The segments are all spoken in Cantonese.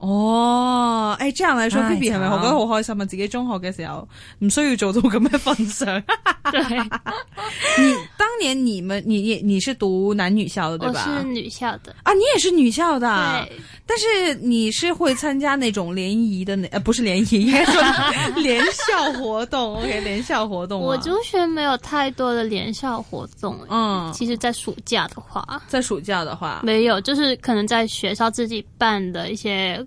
哦、oh, 欸，誒，這樣來說 bb 係咪學得好開心啊？自己中學嘅時候唔需要做到咁嘅份上。你當年你們，你你你是讀男女校的，對吧？我是女校的。啊，你也是女校的，對，但是你是會參加那種聯誼的，呃，不是聯誼，應該係說聯 校活動。O.K. 聯校活動啊。我中學沒有太多的聯校活動。嗯，其實，在暑假的話，在暑假的話，沒有，就是可能在學校自己辦的一些。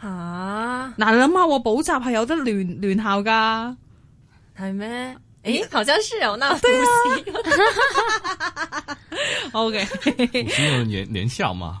吓、啊！嗱，你諗下，我補習係有得聯聯校噶，係咩？誒，好像是有呢個哈哈 OK，你有聯聯校嘛？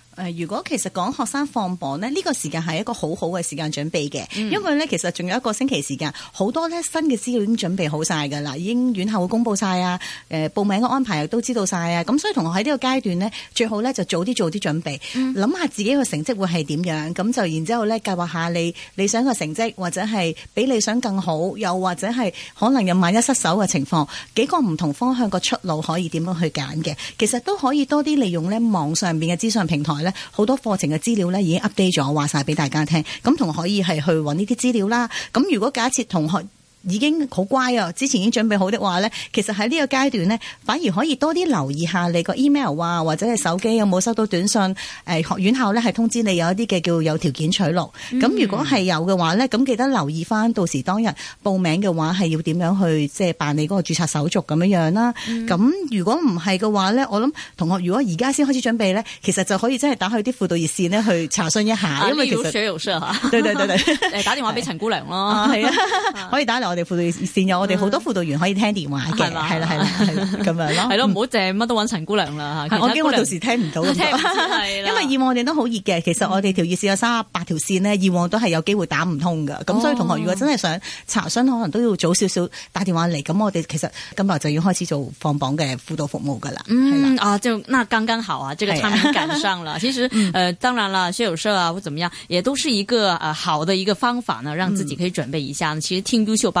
如果其實講學生放榜呢，呢、這個時間係一個好好嘅時間準備嘅、嗯，因為呢，其實仲有一個星期時間，好多呢新嘅資料已經準備好晒㗎啦，已經院校會公布晒啊，誒、呃、報名嘅安排又都知道晒啊，咁所以同學喺呢個階段呢，最好呢就早啲做啲準備，諗、嗯、下自己個成績會係點樣，咁就然之後呢，計劃下你理想嘅成績，或者係比理想更好，又或者係可能有萬一失手嘅情況，幾個唔同方向個出路可以點樣去揀嘅，其實都可以多啲利用呢網上邊嘅資訊平台呢。好多課程嘅資料咧已經 update 咗，我話晒俾大家聽，咁同可以係去搵呢啲資料啦。咁如果假設同學，已經好乖啊！之前已經準備好的話呢，其實喺呢個階段呢，反而可以多啲留意下你個 email 啊，或者係手機有冇收到短信？誒、呃，學院校呢係通知你有一啲嘅叫有條件取錄。咁、嗯、如果係有嘅話呢，咁記得留意翻到時當日報名嘅話係要點樣去即係辦理嗰個註冊手續咁樣樣啦。咁、嗯、如果唔係嘅話呢，我諗同學如果而家先開始準備呢，其實就可以真係打去啲輔導熱線呢去查詢一下、啊。因為其實 對對對對、打電話俾陳姑娘咯、啊，啊、 可以打我哋輔導線有我哋好多輔導員可以聽電話嘅，係啦，係啦，咁樣咯，係咯，唔好淨係乜都搵陳姑娘啦吓，我驚到時聽唔到嘅，因為以往我哋都好熱嘅，其實我哋條熱線有三十八條線咧，以往都係有機會打唔通嘅，咁、嗯、所以同學如果真係想查詢，想可能都要早少少打電話嚟，咁我哋其實今日就要開始做放榜嘅輔導服務噶啦，嗯啊，就那剛剛好啊，這個他們趕上了，其實誒、 嗯呃，當然啦，學友社啊或怎麼樣，也都是一個誒、呃、好的一個方法呢，讓自己可以準備一下。嗯、其實聽優秀班。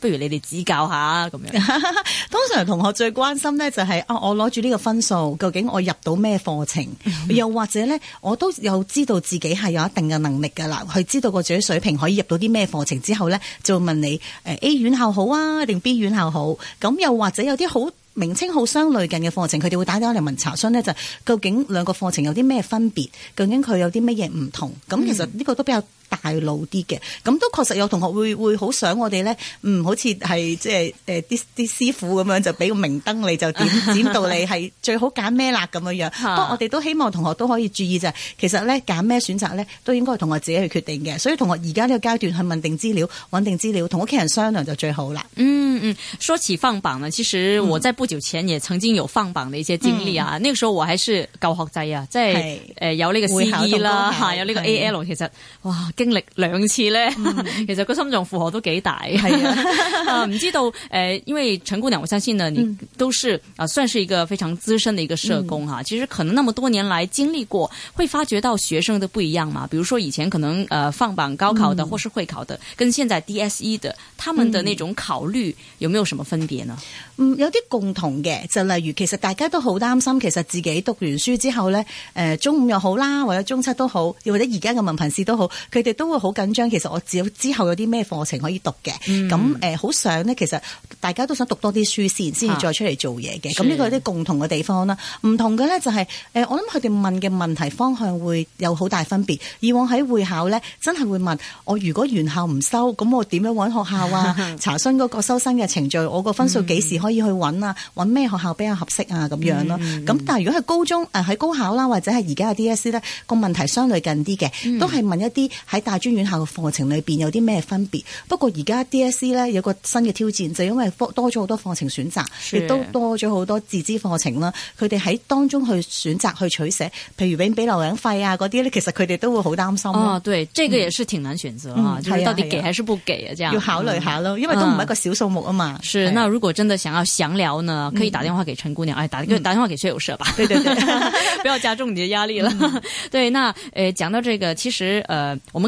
不如你哋指教下咁樣。 通常同學最關心呢就係、是、啊，我攞住呢個分數，究竟我入到咩課程，嗯？又或者呢，我都有知道自己係有一定嘅能力㗎啦。佢知道個自己水平可以入到啲咩課程之後呢，就會問你 A 院校好啊，定 B 院校好？咁又或者有啲好名稱好相類近嘅課程，佢哋會打電話嚟問查詢呢就是，究竟兩個課程有啲咩分別？究竟佢有啲乜嘢唔同？咁、嗯、其實呢個都比較大路啲嘅，咁都確實有同學會會好想我哋咧，嗯，好似係即係誒啲啲師傅咁樣，就俾個明燈你就點點到你係 最好揀咩喇咁樣樣。不過我哋都希望同學都可以注意就係，其實咧揀咩選擇咧都應該係同學自己去決定嘅。所以同學而家呢個階段係問定資料，穩定資料同屋企人商量就最好啦。嗯嗯，說起放榜咧，其實我在不久前也曾經有放榜的一些經歷啊。呢、嗯，那個時候我仲係舊學制啊，即係誒有呢個 CE 啦嚇，有呢個 AL，其實哇～經歷兩次呢，其實個心臟負荷都幾大，係、嗯、啊，唔 知道誒，因為陳姑娘我相信呢，你都是啊，算、嗯、是一個非常資深的一個社工哈、嗯，其實可能那麼多年來經歷過，會發覺到學生都不一樣嘛，比如說以前可能誒放榜高考的、嗯，或是會考的，跟現在 DSE 的，他們的那種考慮有沒有什麼分別呢？嗯，有啲共同嘅，就例如其實大家都好擔心，其實自己讀完書之後呢，誒、呃，中五又好啦，或者中七都好，又或者而家嘅文憑試都好，佢。亦都會好緊張，其實我之後有啲咩課程可以讀嘅，咁、嗯、好、呃、想呢。其實大家都想讀多啲書先，先至再出嚟做嘢嘅。咁、啊、呢、呢個啲共同嘅地方啦，唔同嘅呢、就係，就、呃、係我諗佢哋問嘅問題方向會有好大分別。以往喺會考呢，真係會問我如果原校唔收，咁我點樣搵學校啊？ 查詢嗰個收生嘅程序，我個分數幾時可以去搵啊？搵、嗯、咩學校比較合適啊？咁樣咯。咁、嗯、但係如果係高中喺、呃、高考啦，或者係而家嘅 D S E 呢，個問題相對近啲嘅、嗯，都係問一啲喺。喺大專院校嘅課程裏邊有啲咩分別？不過而家 D.S.C 呢有個新嘅挑戰，就是、因為多了很多咗好多課程選擇，亦都多咗好多自資課程啦。佢哋喺當中去選擇去取捨，譬如永俾留位費啊嗰啲呢，其實佢哋都會好擔心咯、啊哦。對，這個也是挺難選擇啊、嗯嗯，就是、到底給還是不給啊，、嗯、啊，啊？這樣要考慮下咯，因為都唔係一個小數目啊嘛、嗯。是，那如果真的想要詳聊呢，可以打電話給陳姑娘，嗯哎、打打，打電話給學友社吧。對對對 不要加重你嘅壓力啦、嗯。對，那誒講、呃、到這個，其實誒，我、呃、們。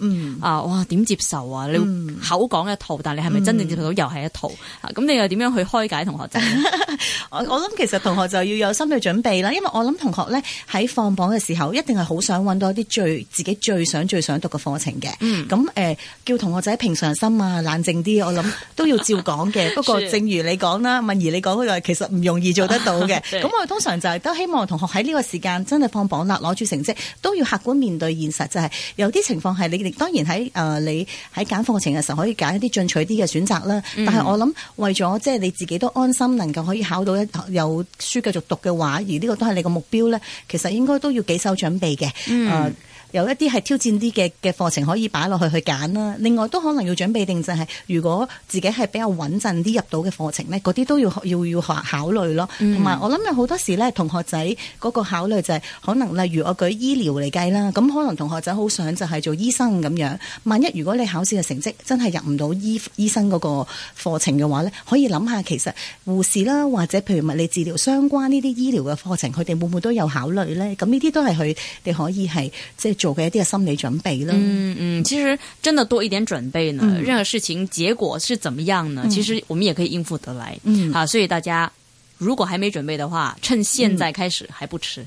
嗯啊，哇，點接受啊？你口講一套，嗯、但你係咪真正接受到又係一套？咁、嗯、你又點樣去開解同學仔？ 我我諗其實同學就要有心理準備啦，因為我諗同學咧喺放榜嘅時候一定係好想揾到一啲最自己最想最想讀嘅課程嘅。嗯。咁誒、呃，叫同學仔平常心啊，冷靜啲。我諗都要照講嘅。 不過正如你講啦，敏儀你講就係其實唔容易做得到嘅。咁 我哋通常就係都希望同學喺呢個時間真係放榜啦，攞住成績都要客觀面對現實，就係、是、有啲情況係你哋。當然喺誒、呃、你喺揀課程嘅時候，可以揀一啲進取啲嘅選擇啦。嗯、但係我諗為咗即係你自己都安心，能夠可以考到一有書繼續讀嘅話，而呢個都係你個目標咧，其實應該都要幾手準備嘅誒。嗯呃有一啲係挑戰啲嘅嘅課程可以擺落去去揀啦。另外都可能要準備定就係，是如果自己係比較穩陣啲入到嘅課程呢，嗰啲都要要要考考慮咯。同、嗯、埋我諗有好多時呢，同學仔嗰個考慮就係、是、可能，例如我舉醫療嚟計啦。咁可能同學仔好想就係做醫生咁樣。萬一如果你考試嘅成績真係入唔到醫醫生嗰個課程嘅話呢，可以諗下其實護士啦，或者譬如物理治療相關呢啲醫療嘅課程，佢哋會唔會都有考慮呢？咁呢啲都係佢哋可以係即係。做嘅一啲嘅心理準備咯，嗯嗯，其實真的多一點準備呢，嗯、任何事情結果是怎麼樣呢、嗯？其實我們也可以應付得來，嗯，好、啊，所以大家如果還沒準備的話，趁現在開始還不遲。嗯。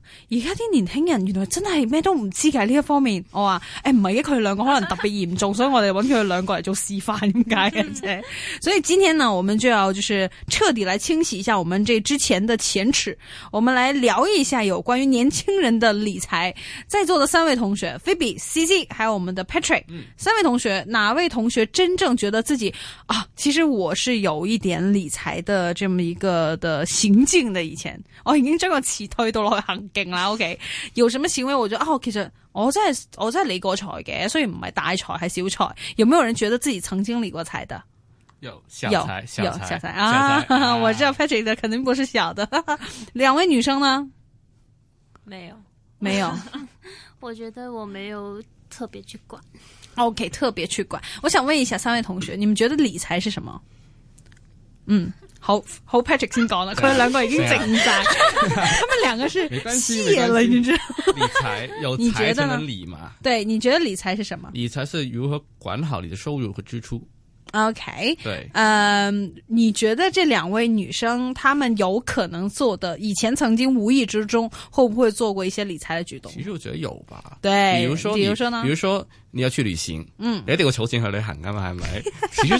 而家啲年輕人原來真係咩都唔知嘅，呢一方面我，我話誒唔係佢哋兩個可能特別嚴重，所以我哋揾佢哋兩個嚟做示範，點解嘅啫？ 所以今天呢，我們就要就是徹底來清洗一下我們這之前的前恥，我們來聊一下有關於年輕人的理財。在座的三位同學，Phoebe、C C，還有我們的 Patrick，嗯、三位同學，哪位同學真正覺得自己啊？其實我是有一點理財的這麼一個的行徑的，以前我已經將個詞推到落去行。行啦，OK，有什麼行為，我覺得哦，啊、其實我真係我真係理過財嘅，所以唔係大財，係小財。有沒有人覺得自己曾經理過財的？有小財，小財啊！才啊 我知道 Patrick 的肯定不是小的。兩 位女生呢？沒有，沒有。 我覺得我沒有特別去管。OK，特別去管。我想問一下三位同學，你們覺得理財是什麼？嗯。好，好 Patrick 先講啦，佢哋兩個已經整晒，啊、 他們兩個是謝了，你知道？理財有財才能理嘛？你對你覺得理財是什麼？理財是如何管好你的收入和支出？OK，對，嗯、呃，你覺得這兩位女生，他們有可能做的，以前曾經無意之中，會不會做過一些理財的舉動？其實我覺得有吧，對，比如說，比如說呢，比如說你要去旅行，嗯，你一定要儲錢去旅行噶嘛，係咪？其實。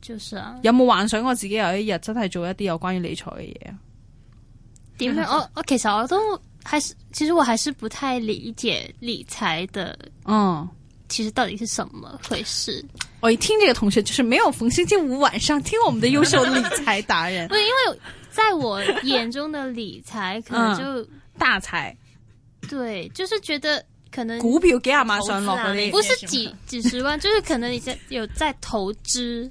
就是啊，有冇有幻想過自己有一日真係做一啲有關於理財嘅嘢啊？點 樣？我我其實我都還是，其實我還是不太理解理財的。嗯，其實到底是什麼回事？嗯、我一聽呢個同學，就是沒有逢星期五晚上聽我們的優秀理財達人。 不是因為在我眼中的理財可能就、 嗯、大財，對，就是覺得可能股票幾廿萬上落、啊，不是幾幾十萬，就是可能你在有在投資。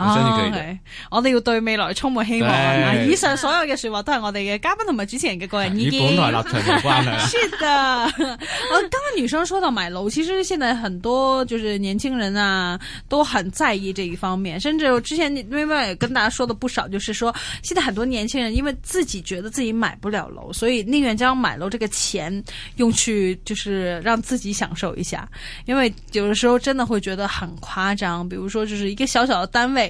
哦，我哋要對未來充滿希望。以上 所有嘅說話都係我哋嘅嘉賓同埋主持人嘅個人意見。與本台立場冇關係。s 啊是的！ 剛剛女生說到買樓，其實現在很多就是年輕人啊，都很在意這一方面。甚至我之前另外也跟大家說的不少，就是說現在很多年輕人因為自己覺得自己買不了樓，所以寧願將買樓這個錢用去，就是讓自己享受一下。因為有的時候真的會覺得很誇張，比如說就是一個小小的單位。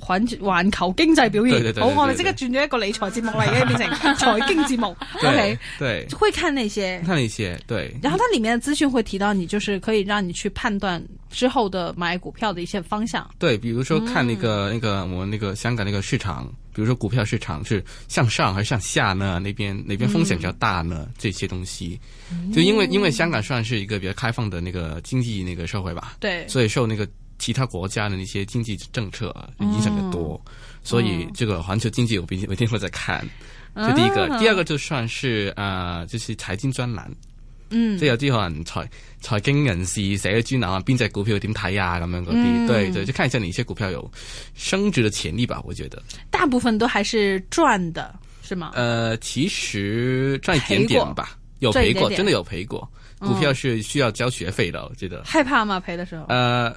環環球經濟表現，好，我哋即刻轉咗一個理財節目嚟嘅，變成財經節目。 o、okay, K，對，對，會看那些，看那些，對。然後它裏面的資訊會提到，你就是可以讓你去判斷之後的買股票的一些方向。對，比如說看那個、嗯、那個，我們那個香港那個市場，比如說股票市場是向上還是向下呢？那邊那邊風險比較大呢、嗯？這些東西，就因為因為香港算是一個比較開放的那個經濟那個社會吧，對，所以受那個。其他國家的那些經濟政策影響得多、嗯，所以這個環球經濟我每天每天在看、嗯。就第一個、嗯，第二個就算是呃，就是財經專欄，嗯，即有啲財財經人士寫嘅專欄啊，邊隻股票點睇啊，咁樣嗰啲對，對，就看一下哪些股票有升值的潛力吧，我覺得大部分都還是賺的，是嗎？呃，其實賺一點點吧，賠有賠過點點，真的有賠過、嗯。股票是需要交學費的，我覺得害怕嗎？賠的時候呃。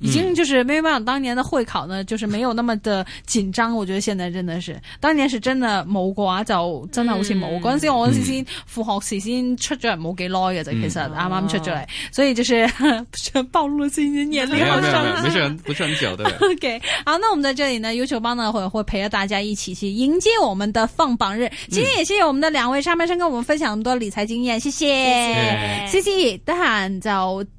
已經就是沒有辦法，當年的會考呢，就是沒有那麼的緊張。我覺得現在真的是，當年是真的。某瓜就真係唔信某，嗯我嗯父出出嗯、關是、嗯、我先先復學時先出咗嚟冇幾耐嘅啫，其實啱啱出咗嚟，所以就是想暴露了自己嘅年齡，是很 不是很久，的 OK，好，那我們在這裏呢，優秀幫呢會會陪着大家一起去迎接我們的放榜日。今天也謝謝我們的兩位、嗯、差班生跟我們分享咁多理財經驗，謝謝，謝謝。得閒就。謝謝